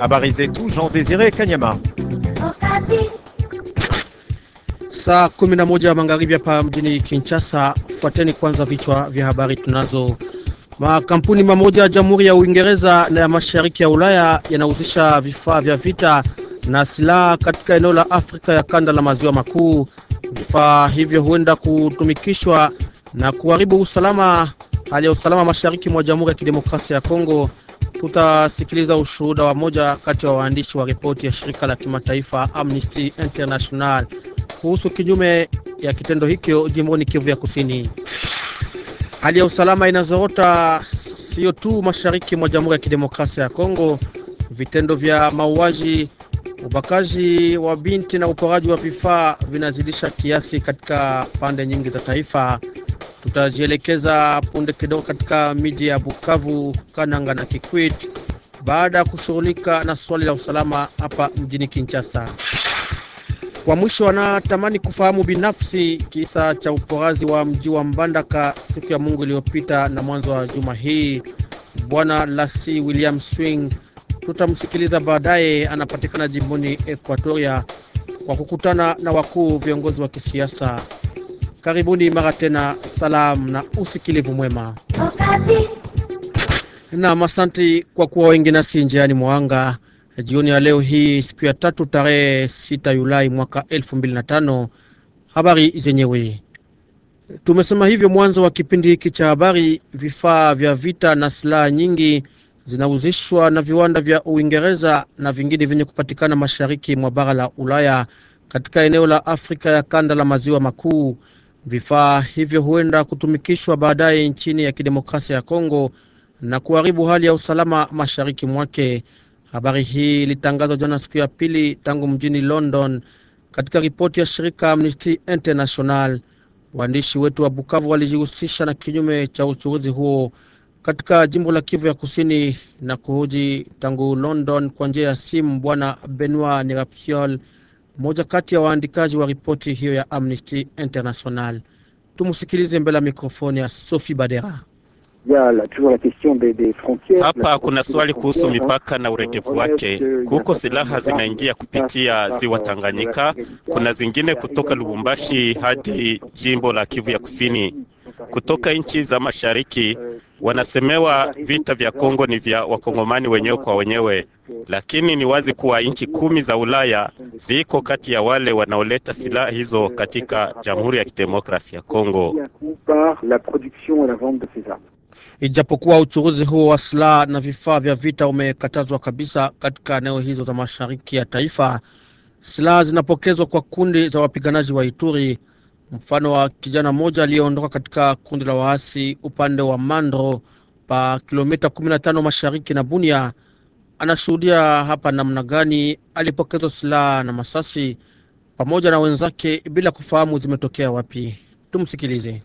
Habarizetu Jean Désiré Kanyama. Saa moja magharibi hapa mjini Kinshasa. Fuateni kwanza vichwa vya habari tunazo. Makampuni mamoja ya Jamhuri ya Uingereza na ya Mashariki ya Ulaya yanahusisha vifaa vya vita na silaha katika eneo la Afrika ya kanda la maziwa makuu. Vifaa hivyo huenda kutumikishwa na kuharibu usalama, hali ya usalama mashariki mwa Jamhuri ya Kidemokrasia ya Kongo tutasikiliza ushuhuda wa moja kati ya wa waandishi wa ripoti ya shirika la kimataifa Amnesty International kuhusu kinyume ya kitendo hicho jimboni Kivu ya Kusini. Hali ya usalama inazorota sio tu mashariki mwa Jamhuri ya Kidemokrasia ya Kongo. Vitendo vya mauaji, ubakaji wa binti na uporaji wa vifaa vinazidisha kiasi katika pande nyingi za taifa. Tutajielekeza punde kidogo katika miji ya Bukavu, Kananga na Kikwit baada ya kushughulika na swali la usalama hapa mjini Kinshasa. Kwa mwisho, anatamani kufahamu binafsi kisa cha uporazi wa mji wa Mbandaka siku ya Mungu iliyopita na mwanzo wa juma hii. Bwana Lasi William Swing tutamsikiliza baadaye, anapatikana jimboni Equatoria kwa kukutana na wakuu viongozi wa kisiasa. Karibuni mara tena, salamu na usikilivu mwema. Nam, asante kwa kuwa wengi nasi njiani mwanga jioni ya leo hii, siku ya tatu tarehe 6 Julai mwaka tano. Habari zenyewe tumesema hivyo mwanzo wa kipindi hiki cha habari. Vifaa vya vita na silaha nyingi zinauzishwa na viwanda vya Uingereza na vingine vyenye kupatikana mashariki mwa bara la Ulaya katika eneo la Afrika ya kanda la maziwa makuu Vifaa hivyo huenda kutumikishwa baadaye nchini ya kidemokrasia ya Kongo na kuharibu hali ya usalama mashariki mwake. Habari hii ilitangazwa jana siku ya pili tangu mjini London katika ripoti ya shirika Amnesty International. Waandishi wetu wa Bukavu walijihusisha na kinyume cha uchunguzi huo katika jimbo la Kivu ya Kusini na kuhoji tangu London kwa njia ya simu Bwana Benoit Nirapsiol mmoja kati ya waandikaji wa ripoti hiyo ya Amnesty International. Tumsikilize mbele ya mikrofoni ya Sophie Badera. Ah. Hapa kuna swali kuhusu mipaka na uregevu wake. Euh, Kuko silaha zinaingia kupitia ziwa Tanganyika, kuna zingine kutoka Lubumbashi hadi jimbo la Kivu ya Kusini kutoka nchi za mashariki wanasemewa vita vya Kongo ni vya wakongomani wenyewe kwa wenyewe, lakini ni wazi kuwa nchi kumi za Ulaya ziko kati ya wale wanaoleta silaha hizo katika Jamhuri ya Kidemokrasia ya Kongo. Ijapokuwa uchuguzi huo wa silaha na vifaa vya vita umekatazwa kabisa katika eneo hizo za mashariki ya taifa, silaha zinapokezwa kwa kundi za wapiganaji wa Ituri mfano wa kijana mmoja aliyeondoka katika kundi la waasi upande wa Mandro pa kilomita 15 mashariki na Bunia anashuhudia hapa namna gani alipokezwa silaha na masasi pamoja na wenzake bila kufahamu zimetokea wapi. Tumsikilize.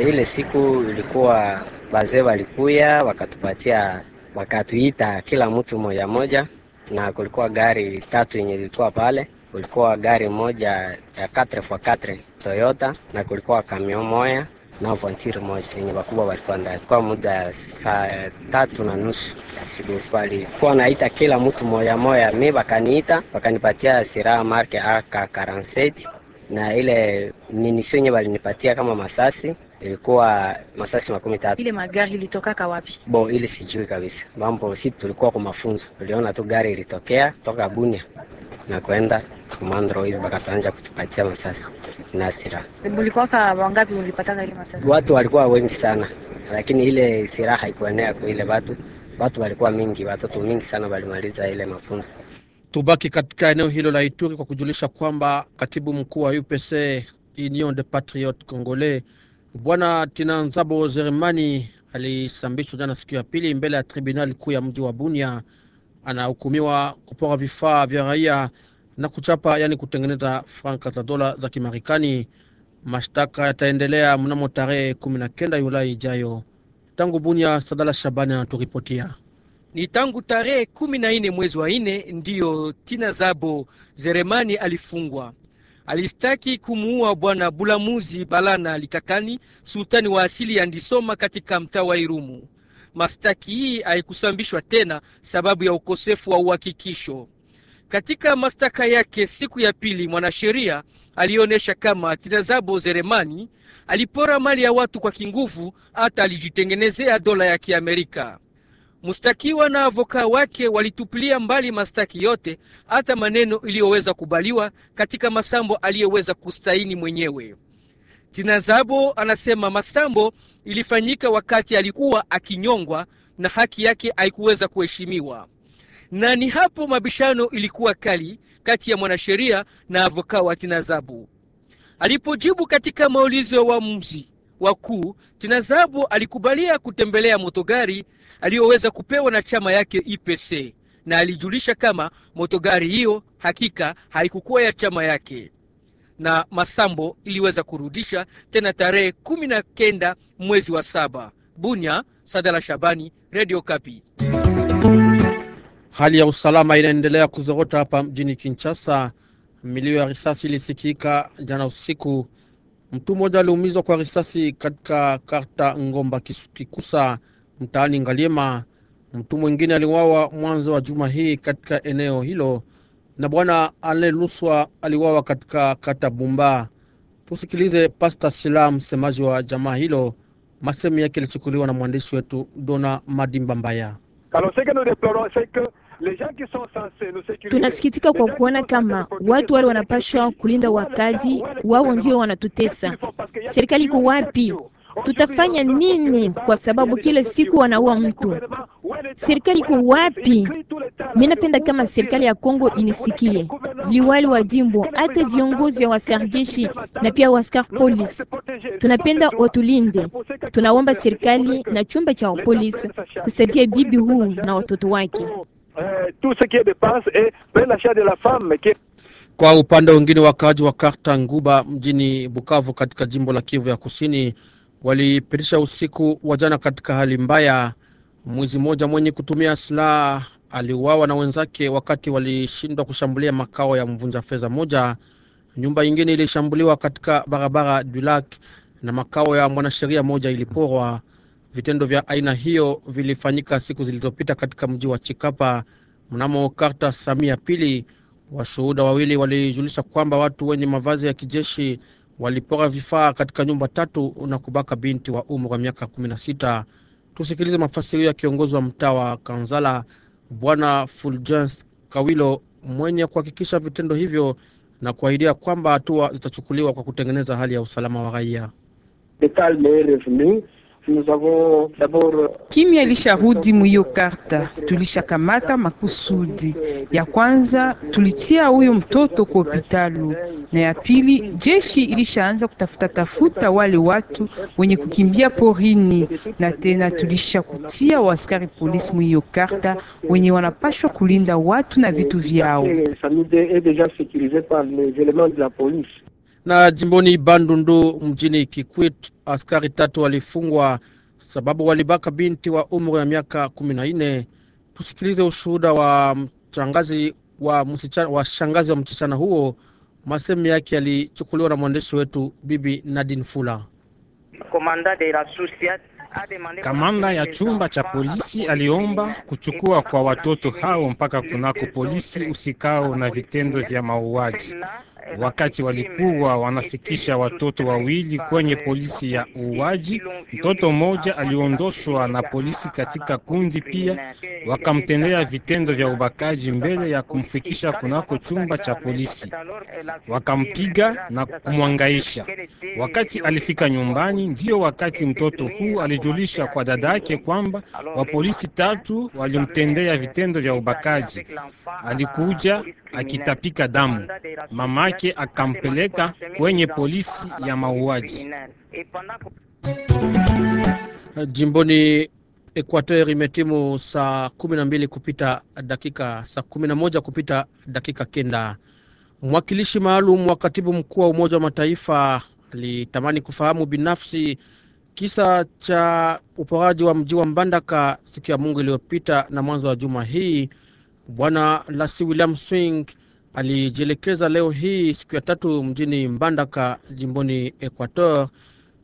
Ile siku ilikuwa wazee walikuya wakatupatia, wakatuita kila mtu moja moja, na kulikuwa gari tatu yenye ilikuwa pale. Kulikuwa gari moja ya 4x4 Toyota na kulikuwa kamio moya na vontiri moja yenye wakubwa walikuwa ndani kwa muda ya saa tatu na nusu asubuhi. Kwa naita kila mtu moya moya, mi wakaniita wakanipatia silaha marke AK47 na ile minisio yenye walinipatia kama masasi ilikuwa masasi makumi tatu. Ile magari ilitokaka wapi? Bo, ili sijui kabisa mambo, si tulikuwa kwa mafunzo, tuliona tu gari ilitokea toka Bunia na kwenda Komandro hivi bakataanja kutupatia masasi na silaha. Mlikuwaka wangapi mlipatana ile masasi? Watu walikuwa wengi sana, lakini ile silaha haikuenea kwa ile watu. Watu walikuwa mingi, watoto mingi sana walimaliza ile mafunzo. Tubaki katika eneo hilo la Ituri kwa kujulisha kwamba katibu mkuu wa UPC Union de Patriote Congolais Bwana Tinanzabo Zeremani alisambishwa jana siku ya pili mbele ya tribunali kuu ya mji wa Bunia. Anahukumiwa kupora vifaa vya raia na kuchapa, yani kutengeneza franka za dola za Kimarekani. Mashtaka yataendelea mnamo tarehe kumi na kenda Julai ijayo. Tangu Bunia, Sadala Shabani anaturipotia. Ni tangu tarehe kumi na nne mwezi wa nne ndiyo Tina Zabo Zeremani alifungwa alistaki kumuua bwana Bulamuzi Balana Likakani, sultani wa asili ya Ndisoma katika mtaa wa Irumu. Mastaki hii haikusambishwa tena sababu ya ukosefu wa uhakikisho. Katika mastaka yake siku ya pili, mwanasheria alionyesha kama Tinazabo Zeremani alipora mali ya watu kwa kinguvu, hata alijitengenezea dola ya Kiamerika mstakiwa na avoka wake walitupilia mbali mastaki yote, hata maneno iliyoweza kubaliwa katika Masambo aliyeweza kustaini mwenyewe. Tinazabo anasema Masambo ilifanyika wakati alikuwa akinyongwa na haki yake haikuweza kuheshimiwa, na ni hapo mabishano ilikuwa kali kati ya mwanasheria na avoka wa Tinazabu alipojibu katika maulizo wa mzi wakuu, Tinazabo alikubalia kutembelea motogari aliyoweza kupewa na chama yake IPC, na alijulisha kama motogari hiyo hakika haikukuwa ya chama yake na Masambo iliweza kurudisha tena tarehe kumi na kenda mwezi wa saba. Bunya, Sadala Shabani, Radio Kapi. Hali ya usalama inaendelea kuzorota hapa mjini Kinshasa. Milio ya risasi ilisikika jana usiku Mtu mmoja aliumizwa kwa risasi katika karta Ngomba Kikusa mtaani Ngaliema. Mtu mwingine aliwawa mwanzo wa juma hii katika eneo hilo, na bwana Ale Luswa aliwawa katika kata Bumba. Tusikilize Pasta Sila, msemaji wa jamaa hilo. Masemi yake yalichukuliwa na mwandishi wetu Dona Madimba Mbaya. Tunasikitika kwa kuona kama watu wale wanapashwa kulinda wakaaji wao ndio wanatutesa. Serikali iko wapi? Tutafanya nini? Kwa sababu kila siku wanaua mtu. Serikali iko wapi? Minapenda kama serikali ya Kongo inisikie, liwali wa jimbo, hata viongozi vya waskar jeshi na pia waskar polisi. Tunapenda watulinde. Tunaomba serikali na chumba cha polisi kusaidia bibi huu na watoto wake. Eh, tout ce qui est dépense et l'achat de la femme qui kwa upande wengine, wakaaji wa Karta Nguba mjini Bukavu katika jimbo la Kivu ya Kusini walipitisha usiku wa jana katika hali mbaya. Mwizi mmoja mwenye kutumia silaha aliuawa na wenzake wakati walishindwa kushambulia makao ya mvunja fedha moja. Nyumba nyingine ilishambuliwa katika barabara lac na makao ya mwanasheria moja iliporwa. Vitendo vya aina hiyo vilifanyika siku zilizopita katika mji wa Chikapa mnamo karta Samia pili. Washuhuda wawili walijulisha kwamba watu wenye mavazi ya kijeshi walipora vifaa katika nyumba tatu na kubaka binti wa umri wa miaka 16. Tusikilize mafasirio ya kiongozi wa mtaa wa Kanzala Bwana Fulgence Kawilo mwenye kuhakikisha vitendo hivyo na kuahidia kwamba hatua zitachukuliwa kwa kutengeneza hali ya usalama wa raia. Kimya ilisharudi mwiyo karta, tulishakamata makusudi. Ya kwanza tulitia huyo mtoto kwa hopitalu, na ya pili jeshi ilishaanza kutafuta tafuta wale watu wenye kukimbia porini, na tena tulishakutia waaskari polisi mwiyo karta wenye wanapashwa kulinda watu na vitu vyao. Na jimboni Bandundu mjini Kikwit, askari tatu walifungwa sababu walibaka binti wa umri ya miaka kumi na nne. Tusikilize ushuhuda wa mchangazi wa msichana, wa shangazi wa msichana huo. Masehemu yake yalichukuliwa na mwandishi wetu Bibi Nadine Fula. Komanda de la Susiat Kamanda ya chumba cha polisi aliomba kuchukua kwa watoto hao mpaka kunako polisi usikao na vitendo vya mauaji. Wakati walikuwa wanafikisha watoto wawili kwenye polisi ya uuaji, mtoto mmoja aliondoshwa na polisi katika kundi, pia wakamtendea vitendo vya ubakaji mbele ya kumfikisha kunako chumba cha polisi, wakampiga na kumwangaisha. Wakati alifika nyumbani, ndiyo wakati mtoto huu ali alijulisha kwa dada yake kwamba wapolisi tatu walimtendea vitendo vya ubakaji. Alikuja akitapika damu, mamake akampeleka kwenye polisi ya mauaji. Jimboni Equateur imetimu saa kumi na mbili kupita dakika saa kumi na moja kupita dakika kenda. Mwakilishi maalum wa katibu mkuu wa Umoja wa Mataifa alitamani kufahamu binafsi Kisa cha uporaji wa mji wa Mbandaka siku ya Mungu iliyopita na mwanzo wa juma hii, bwana Lasi William Swing alijielekeza leo hii siku ya tatu mjini Mbandaka jimboni equator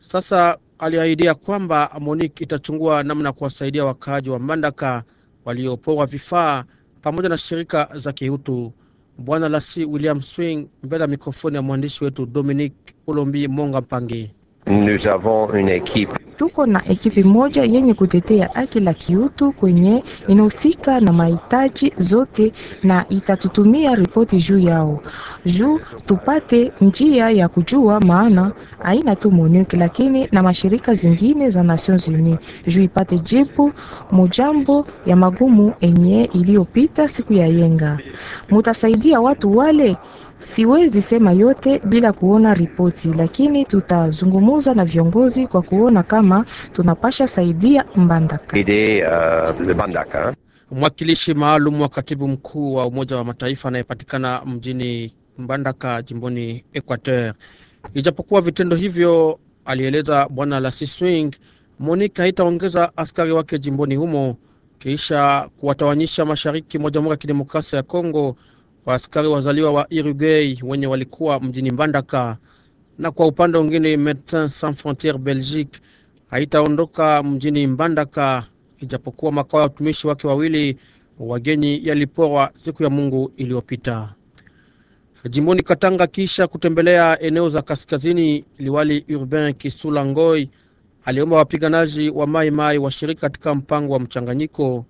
Sasa aliahidia kwamba MONUC itachungua namna ya kuwasaidia wakaaji wa Mbandaka waliopowa vifaa pamoja na shirika za kiutu. Bwana Lasi William Swing mbele ya mikrofoni ya mwandishi wetu Dominic olombi Monga Mpangi nous avons une équipe tuko na ekipi moja yenye kutetea haki la kiutu kwenye inahusika na mahitaji zote, na itatutumia ripoti juu yao juu tupate njia ya kujua, maana aina tu MONUC lakini na mashirika zingine za Nations Unies juu ipate jibu mujambo ya magumu enye iliyopita siku ya yenga. Mutasaidia watu wale Siwezi sema yote bila kuona ripoti, lakini tutazungumuza na viongozi kwa kuona kama tunapasha saidia Mbandaka. Ide, uh, Mbandaka. Mwakilishi maalum wa katibu mkuu wa Umoja wa Mataifa anayepatikana mjini Mbandaka jimboni Equateur. Ijapokuwa vitendo hivyo, alieleza bwana Lasiswing, MONUC haitaongeza askari wake jimboni humo kisha kuwatawanyisha mashariki mwa Jamhuri ya Kidemokrasia ya Kongo waaskari wazaliwa wa Uruguay wenye walikuwa mjini Mbandaka. Na kwa upande mwingine, Medecins Sans Frontieres Belgique haitaondoka mjini Mbandaka ijapokuwa makao ya watumishi wake wawili wageni yaliporwa siku ya Mungu iliyopita jimboni Katanga. Kisha kutembelea eneo za kaskazini, liwali Urbain Kisula Ngoi aliomba wapiganaji wa Mai Mai washiriki katika mpango wa mchanganyiko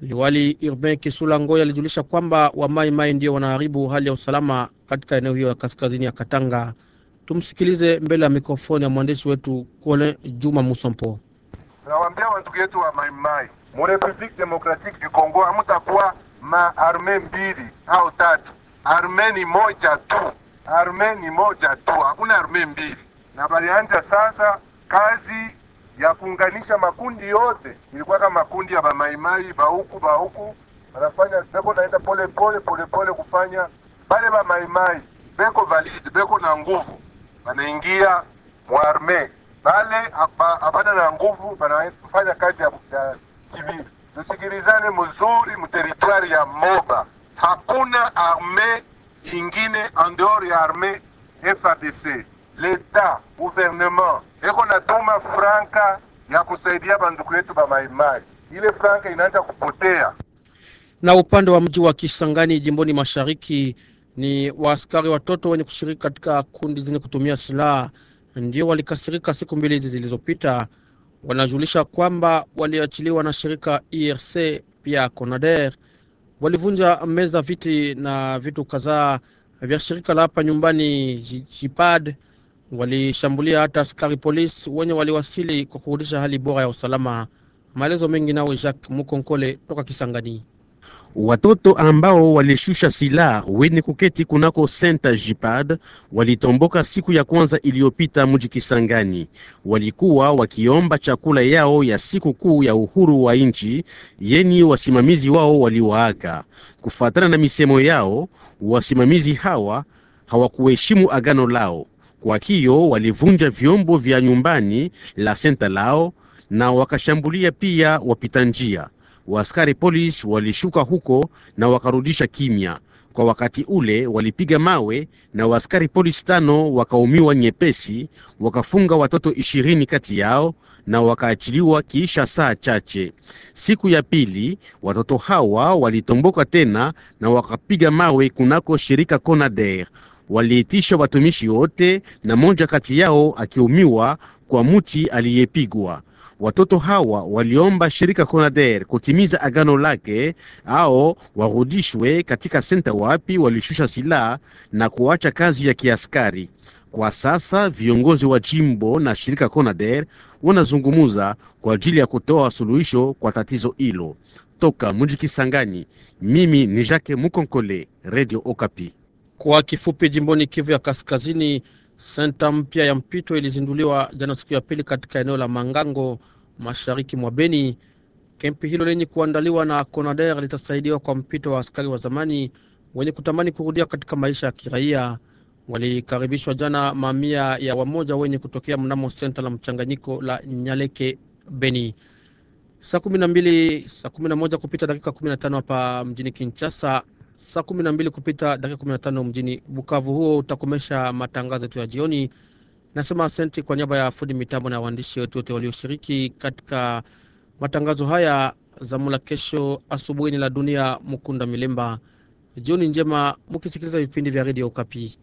Liwali Urbain Kisula Ngoy alijulisha kwamba mai ndio wanaharibu hali ya usalama katika eneo hiyo ya kaskazini ya Katanga. Tumsikilize mbele ya mikrofoni ya mwandishi wetu Kole Juma Musompo. Nawaambia wandugu yetu wa maimai mu Republique Democratique du Congo hamutakuwa ma arme mbili au tatu, arme ni moja tu, arme ni moja tu, hakuna arme mbili. Na balianja sasa kazi ya kuunganisha makundi yote, ilikuwa kama makundi ya bamaimai bahuku bahuku wanafanya beko naenda pole pole pole pole kufanya bale bamaimai beko valid beko na nguvu banaingia mwarme bale abana na nguvu wanafanya kazi ya sivili. Tusikilizane mzuri, mteritwari ya Moba hakuna arme ingine andor ya arme fadc leta gouvernement eko natuma franka ya kusaidia banduku yetu ba ile franka inaanza kupotea. Na upande wa mji wa Kisangani jimboni mashariki, ni waaskari watoto wenye kushiriki katika kundi zenye kutumia silaha ndio walikasirika siku mbili hizi zilizopita. Wanajulisha kwamba waliachiliwa na shirika IRC pia Conader. Walivunja meza, viti na vitu kadhaa vya shirika la hapa nyumbani Jipad walishambulia hata askari polisi wenye waliwasili kwa kurudisha hali bora ya usalama. Maelezo mengi nawe Jacques Mukonkole toka Kisangani. Watoto ambao walishusha silaha wenye kuketi kunako senta jipad walitomboka siku ya kwanza iliyopita mji Kisangani. Walikuwa wakiomba chakula yao ya siku kuu ya uhuru wa nchi yeni wasimamizi wao waliwaaka. Kufuatana na misemo yao, wasimamizi hawa hawakuheshimu agano lao. Kwa hiyo walivunja vyombo vya nyumbani la senta lao na wakashambulia pia wapita njia. Waaskari polisi walishuka huko na wakarudisha kimya. Kwa wakati ule walipiga mawe na waaskari polisi tano wakaumiwa nyepesi, wakafunga watoto ishirini kati yao na wakaachiliwa kiisha saa chache. Siku ya pili watoto hawa walitomboka tena na wakapiga mawe kunako shirika Conader waliitisha watumishi wote na moja kati yao akiumiwa kwa muti aliyepigwa. Watoto hawa waliomba shirika conader kutimiza agano lake ao warudishwe katika senta wapi walishusha silaha na kuacha kazi ya kiaskari. Kwa sasa viongozi wa jimbo na shirika conader wanazungumuza kwa ajili ya kutoa suluhisho kwa tatizo hilo. Toka mji Kisangani, mimi ni Jacques Mukonkole, Radio Okapi. Kwa kifupi, jimboni Kivu ya Kaskazini, senta mpya ya mpito ilizinduliwa jana siku ya pili katika eneo la Mangango, mashariki mwa Beni. Kempi hilo lenye kuandaliwa na CONADER litasaidiwa kwa mpito wa askari wa zamani wenye kutamani kurudia katika maisha ya kiraia. Walikaribishwa jana mamia ya wamoja wenye kutokea mnamo senta la mchanganyiko la Nyaleke, Beni. Saa kumi na mbili saa kumi na moja kupita dakika kumi na tano hapa mjini Kinshasa saa 12 kupita dakika 15 mjini Bukavu. Huo utakomesha matangazo yetu ya jioni. Nasema asante kwa niaba ya fundi mitambo na waandishi wetu wote walioshiriki katika matangazo haya. Zamula kesho asubuhi ni la dunia mukunda milemba, jioni njema mukisikiliza vipindi vya redio Okapi.